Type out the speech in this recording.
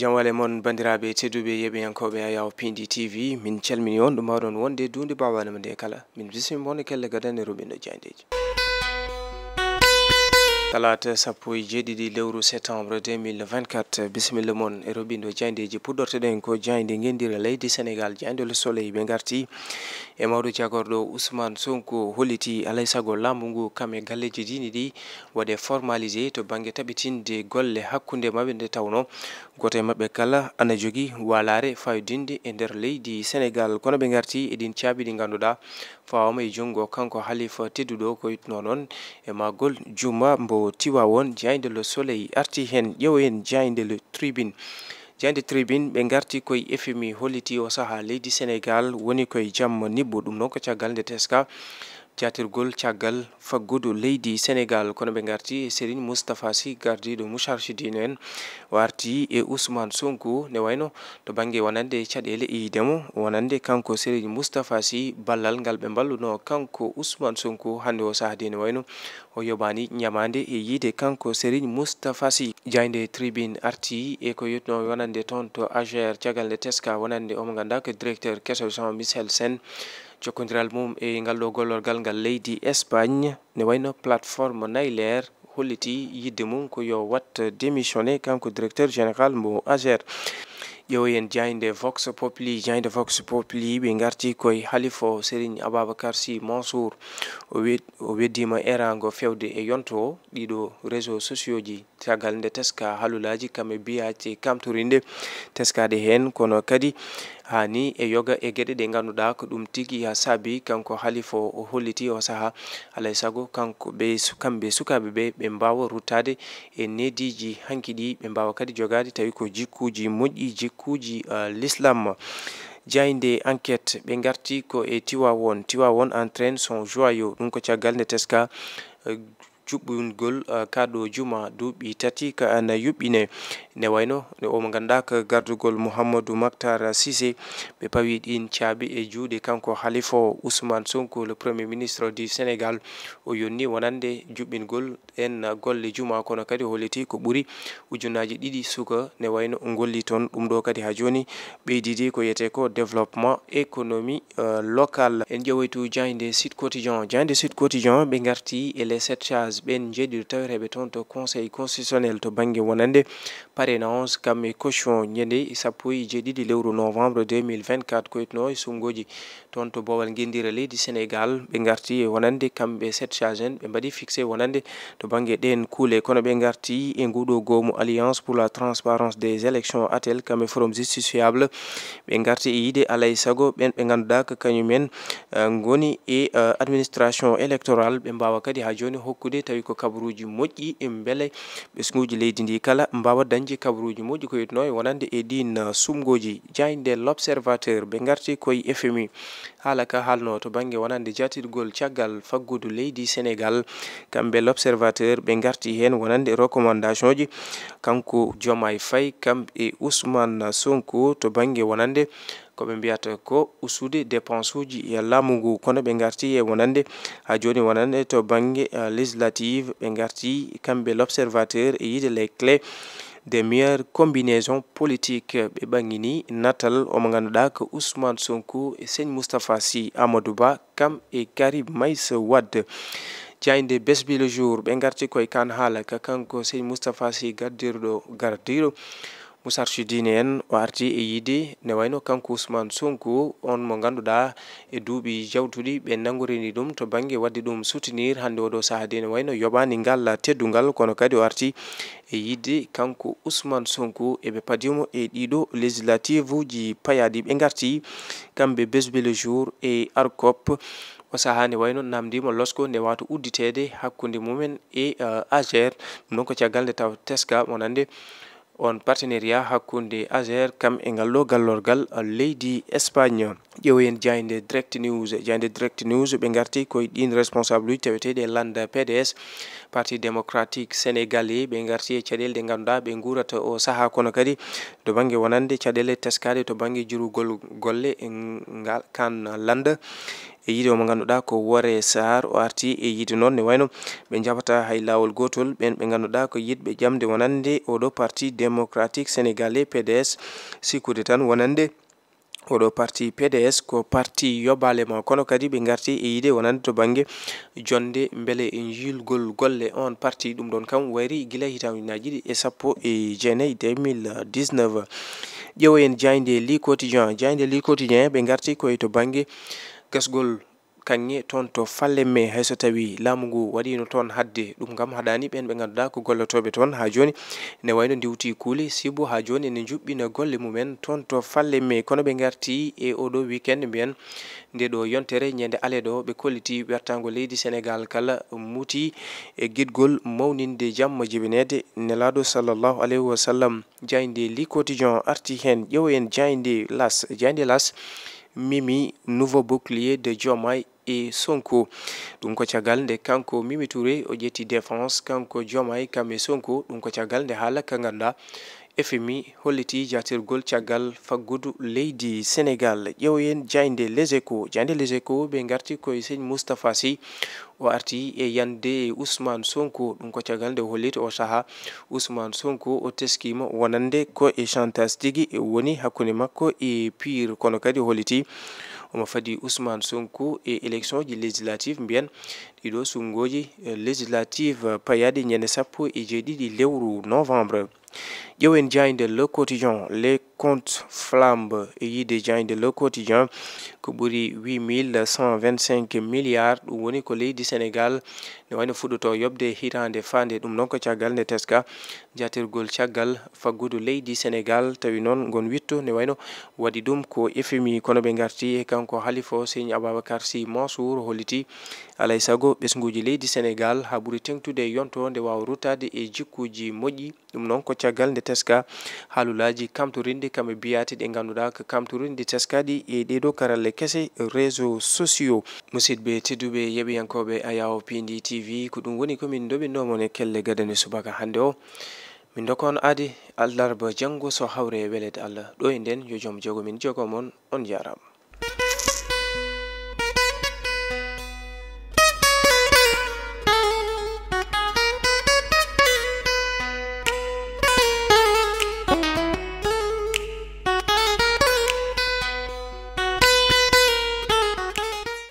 jamwale moon bandiraɓe tedduɓe yeɓiyankoɓe ayaw pindi tv min calmini on ɗum mawɗon wonde dunde bawanema nde kala min bismi mon e kelle gadane rubinɗo diandeji talaata sappo e jeeɗiɗi lewru septembre 2024 bisimilla moon e robindo jayndeji puɗɗorteɗen ko jaynde gendira leydi sénégal jaynde le soleil ɓe garti e mawɗo jagorɗo ousmane sonko holliti alay saago laamu ngu kam e galleji dini ɗi waɗe formalisé to banggue taɓitinde golle hakkude mabɓe nde tawno goto e kala ana jogui walare fayodinde e nder leydi sénégal kono ɓe garti eɗin caabi ɗi ganduɗa fawamay junngo kanko halifa tedduɗo ko yitno noon e magol juma mbo tiwa won jeyde le soleil arti hen ƴew en jeyde le tribune jeyde tribune ɓe garti koye fmi holliti o saaha leydi sénégal woni koye jamma nibbo ɗum noon ko caggal nde teska jatirgol caggal faggudu leydi sénégal kono ɓe garti e sérine moustapha sy gardiɗo mouchargidino en warti e ousmane sonko ne wayno to bangge wonande caɗele iidemo e wonande kanko sérine moustapha sy ballal ngal ɓe balluno kanko ousmane sonko hannde o sahadi ne wayno o yoɓani ñamande e yiide kanko sérine moustapha sy jaynde tribune arti e ko yetno wonande toon to agr caggal nde teska wonande omo ganduda ko directeur kesoson michel sen cokkodiral mum e ngal ɗo gollorgal ngal leydi espagne ne wayno plateforme nayler holliti yidde mum ko yo watt démissionné kanko directeur général mo agér ƴewoyen jaynde vox populi jaynde vox populi ɓe garti koye halifo sérigne ababacar sy mansour o weddima erango fewde e yonto ɗiɗo réseau sociau ji caggal nde teska halulaji kam e biyati kamtorinde teskade hen kono kadi hani e yoga e gueɗe ɗe ganduɗa ko ɗum tigi ha saabi kanko haalifo o holliti o saaha alay saago kanko ɓe kamɓe sukaɓe ɓe mbawa ruttade e nediji hanki ɗi ɓe mbawa kadi jogade tawi ko jikkuji moƴƴi jikkuji e, l'islam jayde enquête ɓe garti ko e tiwawon tiwawon entraine son joyau ɗum ko caggal nde teska e, juɓɓungol kaɗo juma duuɓi tati ka ana yuɓɓine ne wayno ne omo gandaka gardugol mouhamadou mactar sisé ɓe pawi ɗin caabi e juuɗe kanko halifa ousmane sonko le premier ministre du sénégal o yonni wonande juɓɓingol en golle juma kono kadi holiti ko ɓuuri ujunnaji ɗiɗi suka ne wayno golli toon ɗum ɗo kadi ha joni ɓeydidi ko yiyete ko développement économie uh, local en ƴeweytu jahinde sud quotidion jahinde sud quotidion ɓe garti e les 7 chas Ben jeeɗiɗo tawi ton to conseil constitutionnel to baŋnge wonande parénance kamɓe caution ñande sappo jeedi di lewru novembre 2024 koytno e sumgoji ton to bowal guendira du sénégal be garti wonande kamɓe sept charge en ɓe mbaɗi fixé wonande to baŋnge den koule kono be garti e nguɗo goomu alliance pour la transparence des élections atel comme forum justiciable be garti e alay sago ben ɓe kanyumen ko goni e euh, administration électorale be mbawa kadi ha joni hokkude tawi ko kabaruji moƴƴi beele ɓesguji leydi ndi kala mbawa dañde kabaruji moƴƴi ko yetno e wonande e ɗin sumgoji jayde l' observateur ɓe garti koye fmi haala ka haalno to banggue wonande jatirgol caggal faggudu leydi sénégal kamɓe l' observateur ɓe garti hen wonande recommandation ji kanko jomay fay kamɓe ousmane sonko to banggue wonande ko ɓe mbiyata ko usude dépensuji e laamu ngu kono ɓe garti e wonande ha joni wonande to banggue uh, législative ɓe garti kamɓe l'observateur observateur e les clés des meilleures combinaisons politiques. ɓe ɓangini natal omo ganduɗa ko ousmane sonko e seigne moustapha sy amadou ba kam e karib mays wad jayde besbi le jour ɓe garti koye kan haala ka kanko seigne moustapha sy gardirɗo moussar sudine en o arti e yiide ne wayno kanko ousmane sonko on mo ngannduɗa e duuɓi jawtuɗi ɓe nangorini ɗum to bange wadde ɗum soutenir hannde oɗo sahade ne wayno yoɓani ngal teddungal kono kadi o arti e yiide kanko ousmane sonko eɓe padimo e ɗiɗo législative uji payaɗi ɓe garti kamɓe besbe le jour et arcop o saaha ne wayno namdima losko nde wawta udditede hakkude mumen e uh, agere ɗum noon ko caggal nde taw teska mo nande on partenariat hakkunde agere kam e ngallo gallorgal leydi espagne ƴewoyen jayde direct news jayde direct news ɓe garti koye ɗin responsable uji taweteɗe lande pds parti démocratique sénégalais ɓe garti e caɗele ɗe ngannduɗa ɓe gurata o saaha kono kadi to banggue wonande caɗele teskade to banggue jurugol golle e ngal kan lande e yiide o mo ngandu?a ko Wore Sarr o arti e yiide noon ne wayno ?e jabata hay laawol gotol ?en ?e nganndu?a ko yit?e jamde wonande o?o parti démocratique sénégalais pds sikkude tan wonande o?o parti pds ko parti yobale ma kono kadi ?e garti e yiide wonande to ba?nge jonde mbele e julgol golle on parti ?um ?on kam wari gila hitanunaji ?i e sappo e jeenayi 2019 ?ewoyen jaynde li quotidien jaynde li quotidien ?e garti koye to ba?nge gasgol kaŋŋe toon to falle me hay so tawi laamu ngu waɗino toon hadde ɗum gam haɗani ɓen ɓe ganduɗa ko gollotoɓe toon ha joni ne wayno diwti kuuli sibo ha joni ene juɓɓina golle mumen toon to falle me kono ɓe garti e oɗo weekend mbiyen nde ɗo yontere ñande ale ɗo ɓe kolliti wertago leydi sénégal kala muuti e guidgol mawninde jamma jibinede nelaɗo sallllahu alayhi wa sallam jayde li cotidion arti hen ƴeew en jayde las jayde las Mimi, nouveau bouclier de Diomaye e Sonko. ɗum Dunko nde kanko Mimi Touré o ƴetti défense kanko Diomaye kamɓe Sonko ɗum ko caggal nde haala ka ngannduɗaa FMI holliti Jatir Golchagal, Fagudu Lady, Senegal, ƴeewen jaynde les Jande jaynde les éco ɓe seigne moustapha sy o arti e yande ousmane sonko ɗum ko caggal de holliti o ousmane sonko o teskima wonande ko e chantastigi e woni Hakunimako makko e pire kono kadi holliti omo fadi ousmane sonko e élection ji législative mbien ido sungoji e législative payadi ñande sappo e di lewru novembre ƴewen jayde le quotidien les compte flambe e yiide jayde le quotidien ko ɓuri 8125 milliard ɗum woni ko leydi sénégal ne wayno fuɗɗoto yoɓde hitande fande ɗum noon ko caggal nde teska jatirgol caggal faggudu leydi sénégal tawi noon gon witto ne wayno waɗi ɗum ko efemi kono ɓe garti e kanko halifa signe aboubacar sy mansour holliti alay saago ɓesguji leydi sénégal ha ɓuuri tengtude e yonto nde wawa ruttade e jikkuji moƴƴi ɗum noon ko caggal nde teska haalulaji kamtorinde kamɓe biyati ɗe ganduɗa ko kamtorinde teskaɗi e ɗeɗo karalle kese réseau sociaux musidɓe tedduɓe yeɓiyankoɓe ayaw pindi tv ko ɗum woni komin doɓinnomon e kelle gadane subaka hannde o min dokon adi allarba janngo so hawre e welede allah ɗo e nden yo joom jogo min jogomon on jarama